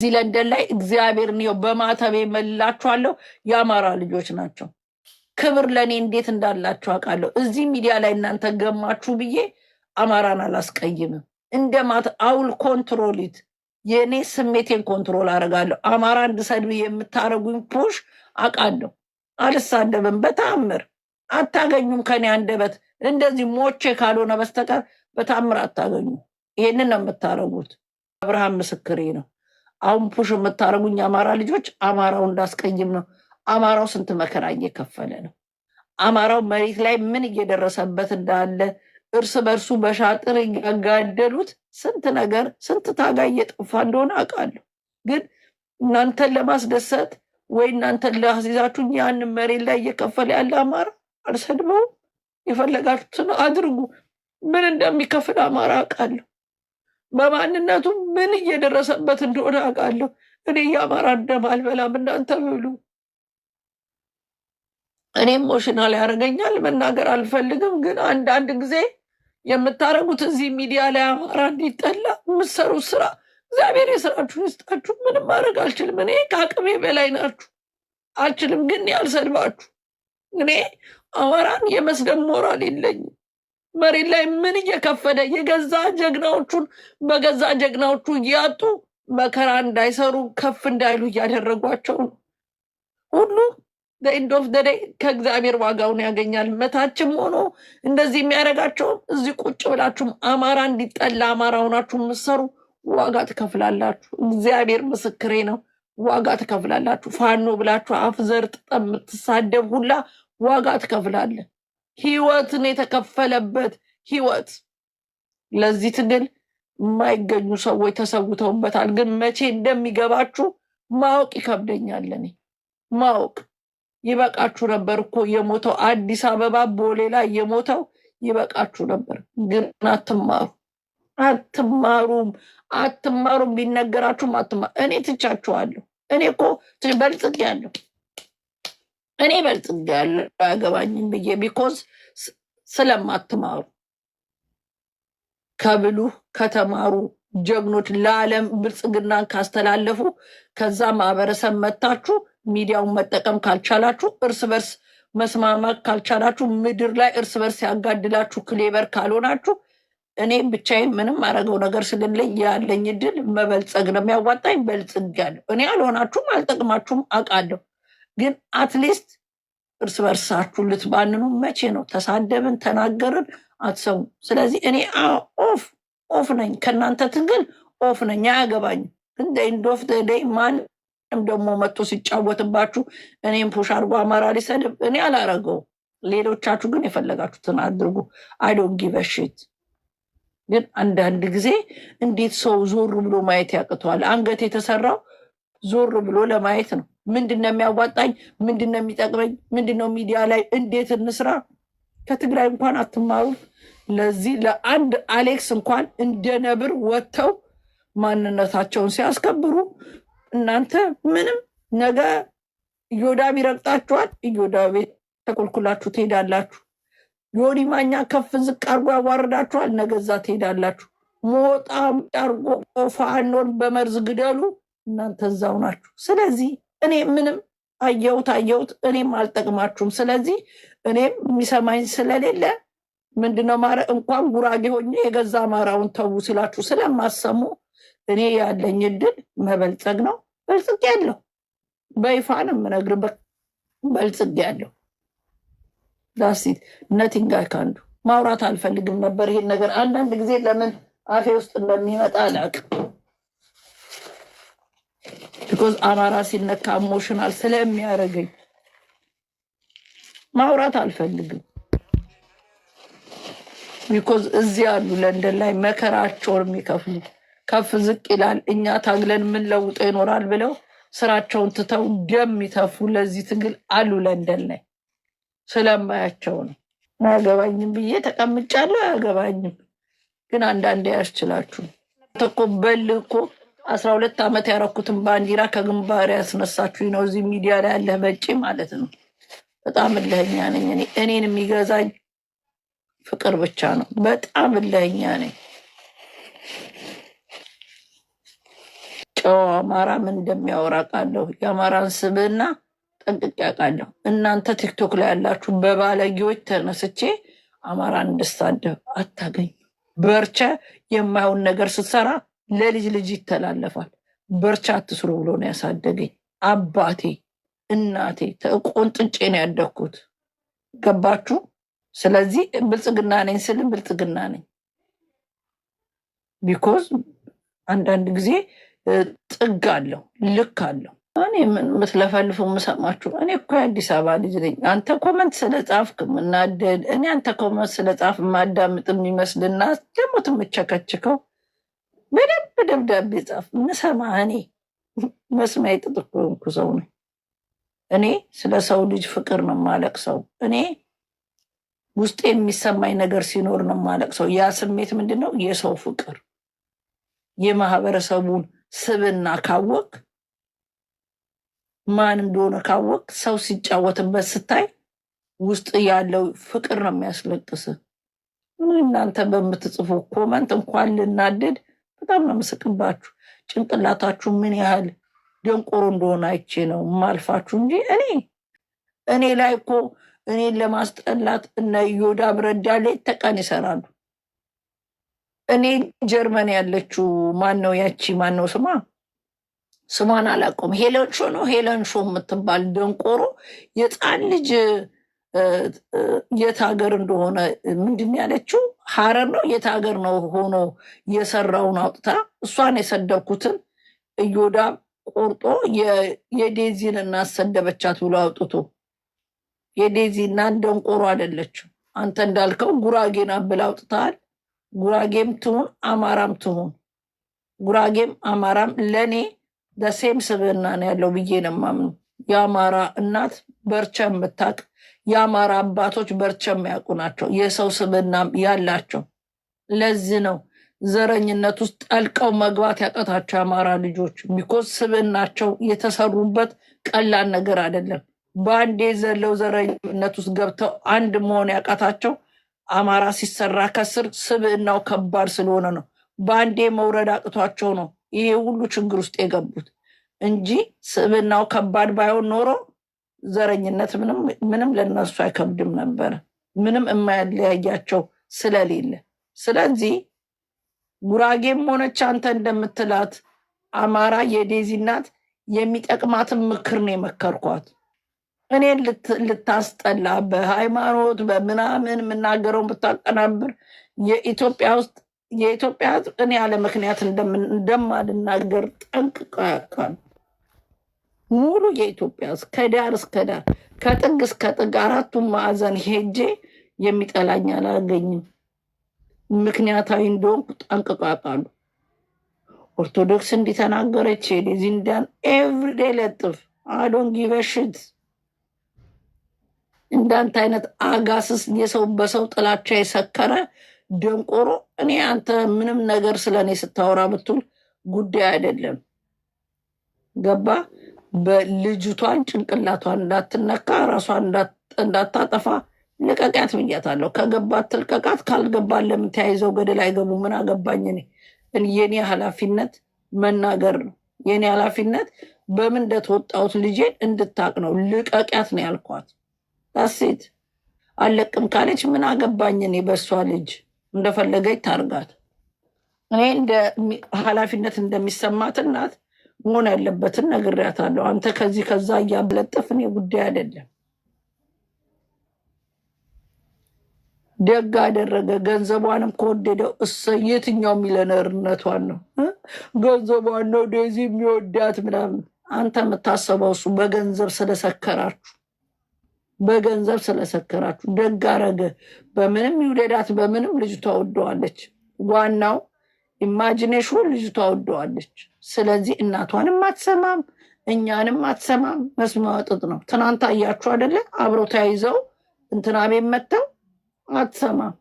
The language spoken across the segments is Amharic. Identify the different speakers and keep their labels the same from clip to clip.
Speaker 1: እዚህ ለንደን ላይ እግዚአብሔር ኒው በማተቤ መልላችኋለሁ። የአማራ ልጆች ናቸው። ክብር ለእኔ እንዴት እንዳላችሁ አውቃለሁ። እዚህ ሚዲያ ላይ እናንተ ገማችሁ ብዬ አማራን አላስቀይምም። እንደ ማት አውል ኮንትሮሊት የእኔ ስሜቴን ኮንትሮል አደርጋለሁ። አማራ እንድሰድብ የምታደርጉኝ ፑሽ አውቃለሁ። አልሳደብም በተአምር አታገኙም። ከኔ አንደበት እንደዚህ ሞቼ ካልሆነ በስተቀር በተአምር አታገኙ ይህንን ነው የምታደርጉት። አብርሃም ምስክሬ ነው። አሁን ፑሽ የምታደርጉኝ አማራ ልጆች አማራው እንዳስቀይም ነው። አማራው ስንት መከራ እየከፈለ ነው። አማራው መሬት ላይ ምን እየደረሰበት እንዳለ እርስ በእርሱ በሻጥር እያጋደሉት ስንት ነገር ስንት ታጋ እየጠፋ እንደሆነ አውቃለሁ። ግን እናንተን ለማስደሰት ወይ እናንተን ለአስይዛችሁ ያን መሬት ላይ እየከፈለ ያለ አማራ አልሰድበውም። የፈለጋችሁትን አድርጉ። ምን እንደሚከፍል አማራ አውቃለሁ። በማንነቱ ምን እየደረሰበት እንደሆነ አውቃለሁ። እኔ የአማራ ደም አልበላም፣ እናንተ ብሉ። እኔ ኢሞሽናል ያደርገኛል፣ መናገር አልፈልግም። ግን አንዳንድ ጊዜ የምታደርጉት እዚህ ሚዲያ ላይ አማራ እንዲጠላ የምትሰሩት ስራ እግዚአብሔር የስራችሁን ይስጣችሁ። ምንም ማድረግ አልችልም። እኔ ከአቅሜ በላይ ናችሁ፣ አልችልም። ግን ያልሰድባችሁ እኔ አማራን የመስደብ ሞራል የለኝም። መሬት ላይ ምን እየከፈደ የገዛ ጀግናዎቹን በገዛ ጀግናዎቹ እያጡ መከራ እንዳይሰሩ ከፍ እንዳይሉ እያደረጓቸው ነው። ሁሉ በኢንድ ኦፍ ደደይ ከእግዚአብሔር ዋጋውን ያገኛል። መታችም ሆኖ እንደዚህ የሚያደርጋቸውም እዚህ ቁጭ ብላችሁም አማራ እንዲጠላ አማራ ሆናችሁ የምትሰሩ ዋጋ ትከፍላላችሁ። እግዚአብሔር ምስክሬ ነው። ዋጋ ትከፍላላችሁ። ፋኖ ብላችሁ አፍ ዘርጥ የምትሳደብ ሁላ ዋጋ ትከፍላለን። ህይወትን የተከፈለበት ህይወት ለዚህ ትግል የማይገኙ ሰዎች ተሰውተውበታል። ግን መቼ እንደሚገባችሁ ማወቅ ይከብደኛል። እኔ ማወቅ ይበቃችሁ ነበር እኮ የሞተው አዲስ አበባ ቦሌ ላይ የሞተው ይበቃችሁ ነበር። ግን አትማሩ አትማሩም አትማሩም ቢነገራችሁም አትማ እኔ ትቻችኋለሁ። እኔ እኮ በልጽጌያለሁ። እኔ በልጥግ ያለ አያገባኝም ብዬ ቢኮዝ ስለማትማሩ ከብሉህ ከተማሩ ጀግኖች ለዓለም ብልጽግናን ካስተላለፉ ከዛ ማህበረሰብ መታችሁ ሚዲያውን መጠቀም ካልቻላችሁ እርስ በርስ መስማማት ካልቻላችሁ ምድር ላይ እርስ በርስ ያጋድላችሁ ክሌበር ካልሆናችሁ እኔ ብቻዬን ምንም አረገው ነገር ስለሌለኝ ያለኝ ድል መበልጸግ ነው የሚያዋጣኝ። በልጽግ ያለው እኔ አልሆናችሁም አልጠቅማችሁም አውቃለሁ። ግን አትሊስት እርስ በርሳችሁ ልትባንኑ መቼ ነው? ተሳደብን፣ ተናገርን፣ አትሰሙ። ስለዚህ እኔ ኦፍ ኦፍ ነኝ፣ ከእናንተ ትግል ኦፍ ነኝ፣ አያገባኝም። እንደ ኢንዶፍ ደይ ማንም ደግሞ መጥቶ ሲጫወትባችሁ እኔም ፑሽ አድርጎ አማራ ሊሰድብ እኔ አላረገው። ሌሎቻችሁ ግን የፈለጋችሁትን አድርጉ። አይዶን ጊበሽት ግን አንዳንድ ጊዜ እንዴት ሰው ዞር ብሎ ማየት ያቅተዋል? አንገት የተሰራው ዞር ብሎ ለማየት ነው። ምንድን ነው የሚያዋጣኝ? ምንድን ነው የሚጠቅመኝ? ምንድን ነው ሚዲያ ላይ እንዴት እንስራ? ከትግራይ እንኳን አትማሩ። ለዚህ ለአንድ አሌክስ እንኳን እንደ ነብር ወጥተው ማንነታቸውን ሲያስከብሩ እናንተ ምንም ነገ እዮዳብ ይረግጣችኋል። እዮዳቤ ቤት ተኮልኩላችሁ ትሄዳላችሁ። ዮኒ ማኛ ከፍ ዝቅ አርጎ ያዋርዳችኋል። ነገዛ ትሄዳላችሁ። ሞጣም ጠርጎ ፋኖን በመርዝ ግደሉ። እናንተ እዛው ናችሁ። ስለዚህ እኔ ምንም አየሁት አየሁት፣ እኔም አልጠቅማችሁም። ስለዚህ እኔም የሚሰማኝ ስለሌለ ምንድነው ማረ እንኳን ጉራጌ ሆኜ የገዛ አማራውን ተዉ ሲላችሁ ስለማሰሙ እኔ ያለኝ እድል መበልጸግ ነው። በልጽግ ያለው በይፋ ነው የምነግርበት። በልጽግ ያለው ዳሲት ነቲንጋይ ካንዱ ማውራት አልፈልግም ነበር ይሄን ነገር አንዳንድ ጊዜ ለምን አፌ ውስጥ እንደሚመጣ አላውቅም። ቢኮዝ አማራ ሲነካ ኢሞሽናል ስለሚያደርገኝ ማውራት አልፈልግም። ቢኮዝ እዚህ ያሉ ለንደን ላይ መከራቸውን የሚከፍሉ ከፍ ዝቅ ይላል፣ እኛ ታግለን ለውጦ ይኖራል ብለው ስራቸውን ትተው ይተፉ ለዚህ ትግል አሉ ለንደን ላይ ስለማያቸው ነው። አያገባኝም ብዬ ተቀምጫለሁ። አያገባኝም ግን አንዳንዴ ያስችላችሁ ተቆበል እኮ አስራ ሁለት ዓመት ያረኩትን ባንዲራ ከግንባር ያስነሳችሁ ነው። እዚህ ሚዲያ ላይ ያለህ በጭ ማለት ነው። በጣም እልህኛ ነኝ እኔ። እኔን የሚገዛኝ ፍቅር ብቻ ነው። በጣም እልህኛ ነኝ። ጨዋ አማራ ምን እንደሚያወራ ቃለሁ። የአማራን ስብዕና ጠንቅቄ አውቃለሁ። እናንተ ቲክቶክ ላይ ያላችሁ በባለጌዎች ተነስቼ አማራን እንድሳደብ አታገኝ። በርቸ የማይሆን ነገር ስትሰራ ለልጅ ልጅ ይተላለፋል። በርቻ አትስሩ ብሎ ነው ያሳደገኝ አባቴ እናቴ። ቆንጥጬ ነው ያደግኩት። ገባችሁ? ስለዚህ ብልጽግና ነኝ ስልም ብልጽግና ነኝ ቢኮዝ አንዳንድ ጊዜ ጥግ አለው፣ ልክ አለው። እኔ ምን ምትለፈልፉ የምሰማችሁ እኔ እኮ የአዲስ አበባ ልጅ ነኝ። አንተ ኮመንት ስለጻፍክ ምናደድ እኔ አንተ ኮመንት ስለጻፍ ማዳምጥ የሚመስልና ደግሞ ትምቸከችከው በደንብ ደብዳቤ ጻፍ። ምሰማ እኔ መስሚያ የተጠቆምኩ ሰው ነኝ። እኔ ስለ ሰው ልጅ ፍቅር ነው ማለቅ ሰው እኔ ውስጤ የሚሰማኝ ነገር ሲኖር ነው ማለቅ ሰው። ያ ስሜት ምንድን ነው? የሰው ፍቅር። የማህበረሰቡን ስብና ካወቅ፣ ማን እንደሆነ ካወቅ፣ ሰው ሲጫወትበት ስታይ ውስጥ ያለው ፍቅር ነው የሚያስለቅስ። እናንተ በምትጽፉ ኮመንት እንኳን ልናደድ በጣም ነው ምስቅባችሁ። ጭንቅላታችሁ ምን ያህል ደንቆሮ እንደሆነ አይቼ ነው ማልፋችሁ እንጂ እኔ እኔ ላይ እኮ እኔን ለማስጠላት እነ ዮዳ ብረዳ ሌት ተቀን ይሰራሉ። እኔ ጀርመን ያለችው ነው ያቺ ነው ስማ ስሟን አላውቀውም። ሄለንሾ ነው ሄለንሾ የምትባል ደንቆሮ የፃን ልጅ የት ሀገር እንደሆነ ምንድን ያለችው ሀረር ነው። የት ሀገር ነው ሆኖ የሰራውን አውጥታ እሷን የሰደብኩትን እዮዳብ ቆርጦ የዴዚን እናት ብሎ አውጥቶ የዴዚ እናት ደንቆሮ አይደለችው። አንተ እንዳልከው ጉራጌና ብላ አውጥተሃል። ጉራጌም ትሁን አማራም ትሁን ጉራጌም አማራም ለእኔ ለሴም ስብህና ነው ያለው ብዬ ነው የማምነው። የአማራ እናት በርቻ የምታቅ የአማራ አባቶች በርቸ የሚያውቁ ናቸው፣ የሰው ስብና ያላቸው። ለዚህ ነው ዘረኝነት ውስጥ ጠልቀው መግባት ያቀታቸው የአማራ ልጆች ቢኮዝ ስብናቸው የተሰሩበት ቀላል ነገር አይደለም። በአንዴ ዘለው ዘረኝነት ውስጥ ገብተው አንድ መሆን ያቃታቸው አማራ ሲሰራ ከስር ስብዕናው ከባድ ስለሆነ ነው። በአንዴ መውረድ አቅቷቸው ነው ይሄ ሁሉ ችግር ውስጥ የገቡት እንጂ ስብዕናው ከባድ ባይሆን ኖሮ ዘረኝነት ምንም ለነሱ አይከብድም ነበር፣ ምንም የማያለያያቸው ስለሌለ። ስለዚህ ጉራጌም ሆነች አንተ እንደምትላት አማራ የዴዚ እናት የሚጠቅማትን ምክር ነው የመከርኳት። እኔን ልታስጠላ በሃይማኖት በምናምን የምናገረውን ብታቀናብር የኢትዮጵያ ውስጥ የኢትዮጵያ ሕዝብ እኔ ያለ ምክንያት እንደማልናገር ጠንቅቃ ያውቃል። ሙሉ የኢትዮጵያ ከዳር እስከ ዳር ከጥግ እስከ ጥግ አራቱን ማዕዘን ሄጄ የሚጠላኝ አላገኝም። ምክንያታዊ እንደሆንኩ ጠንቅቃቃሉ። ያውቃሉ። ኦርቶዶክስ እንዲተናገረች ዴዚ ዚንዳን ኤቭሪዴ ለጥፍ አዶን ጊበሽት እንዳንተ አይነት አጋስስ የሰው በሰው ጥላቻ የሰከረ ደንቆሮ እኔ አንተ ምንም ነገር ስለእኔ ስታወራ ብትል ጉዳይ አይደለም። ገባ በልጅቷን ጭንቅላቷን እንዳትነካ ራሷን እንዳታጠፋ ልቀቂያት ብያታለሁ። ከገባት ትልቀቃት፣ ካልገባት ለምን ተያይዘው ገደል አይገቡ? ምን አገባኝ እኔ። የኔ ኃላፊነት መናገር ነው። የኔ ኃላፊነት በምን እንደተወጣሁት ልጄን እንድታቅ ነው። ልቀቂያት ነው ያልኳት። ሴት አለቅም ካለች ምን አገባኝ እኔ። በእሷ ልጅ እንደፈለገች ታርጋት። እኔ ኃላፊነት እንደሚሰማት እናት መሆን ያለበትን ነግሬያታለሁ። አንተ ከዚህ ከዛ እያብለጠፍ ጉዳይ አይደለም። ደግ አደረገ። ገንዘቧንም ከወደደው እሰ የትኛው ሚሊዮነርነቷን ነው ገንዘቧን ነው ዴዚ የሚወዳት ምናምን። አንተ የምታሰበው እሱ በገንዘብ ስለሰከራችሁ በገንዘብ ስለሰከራችሁ ደግ አረገ። በምንም ይውደዳት፣ በምንም ልጅቷ ወደዋለች። ዋናው ኢማጂኔሽኑ ልጅቷ ወደዋለች። ስለዚህ እናቷንም አትሰማም፣ እኛንም አትሰማም። መስማጥጥ ነው። ትናንት አያችሁ አደለ? አብረው ተያይዘው እንትና ቤት መተው አትሰማም፣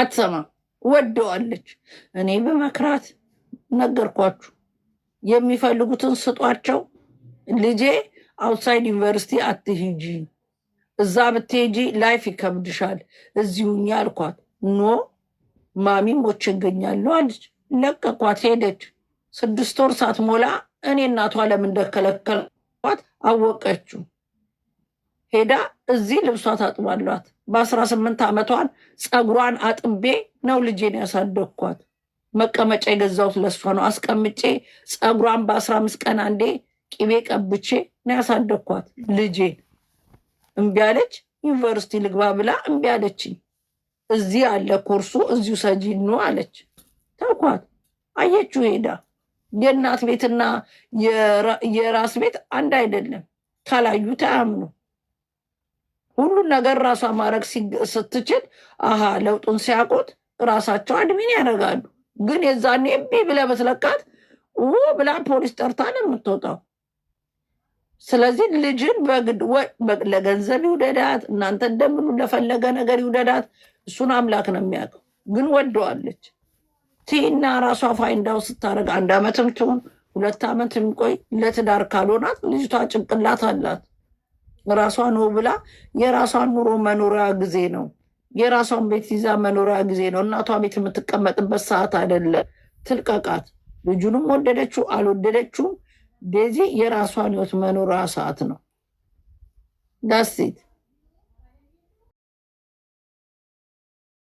Speaker 1: አትሰማም። ወደዋለች። እኔ በመክራት ነገርኳችሁ። የሚፈልጉትን ስጧቸው። ልጄ አውትሳይድ ዩኒቨርሲቲ አትሂጂ፣ እዛ ብትሄጂ ላይፍ ይከብድሻል፣ እዚሁኛ አልኳት ኖ ማሚም ሞቼ እገኛለሁ አለች። ለቀቋት ሄደች። ስድስት ወር ሳትሞላ እኔ እናቷ ለምን እንደከለከልኳት አወቀችው። ሄዳ እዚህ ልብሷ ታጥባሏት። በአስራ ስምንት ዓመቷን ፀጉሯን አጥቤ ነው ልጄን ያሳደግኳት። መቀመጫ የገዛሁት ለሷ ነው። አስቀምጬ ፀጉሯን በአስራ አምስት ቀን አንዴ ቂቤ ቀብቼ ነው ያሳደግኳት ልጄን። እምቢ አለች። ዩኒቨርሲቲ ልግባ ብላ እምቢ አለችኝ። እዚህ አለ ኮርሱ እዚሁ ሰጂ ነው አለች። ተኳት አየችው ሄዳ የእናት ቤትና የራስ ቤት አንድ አይደለም። ካላዩ ተያምኑ። ሁሉን ነገር ራሷ ማድረግ ስትችል አሃ ለውጡን ሲያውቁት ራሳቸው አድሚን ያደርጋሉ። ግን የዛኔ እምቢ ብለህ ብትለቃት ው ብላ ፖሊስ ጠርታ ነው የምትወጣው። ስለዚህ ልጅን ለገንዘብ ይውደዳት፣ እናንተ እንደምሉ ለፈለገ ነገር ይውደዳት። እሱን አምላክ ነው የሚያውቀው። ግን ወደዋለች ቲና ራሷ ፋይንዳው ስታደርግ አንድ ዓመትም ትሁን ሁለት ዓመት የሚቆይ ለትዳር ካልሆናት ልጅቷ ጭንቅላት አላት። ራሷ ነው ብላ የራሷን ኑሮ መኖሪያ ጊዜ ነው የራሷን ቤት ይዛ መኖሪያ ጊዜ ነው። እናቷ ቤት የምትቀመጥበት ሰዓት አይደለም። ትልቀቃት። ልጁንም ወደደችው አልወደደችውም፣ ዴዚ የራሷን ህይወት መኖሪያ ሰዓት ነው ዳሴት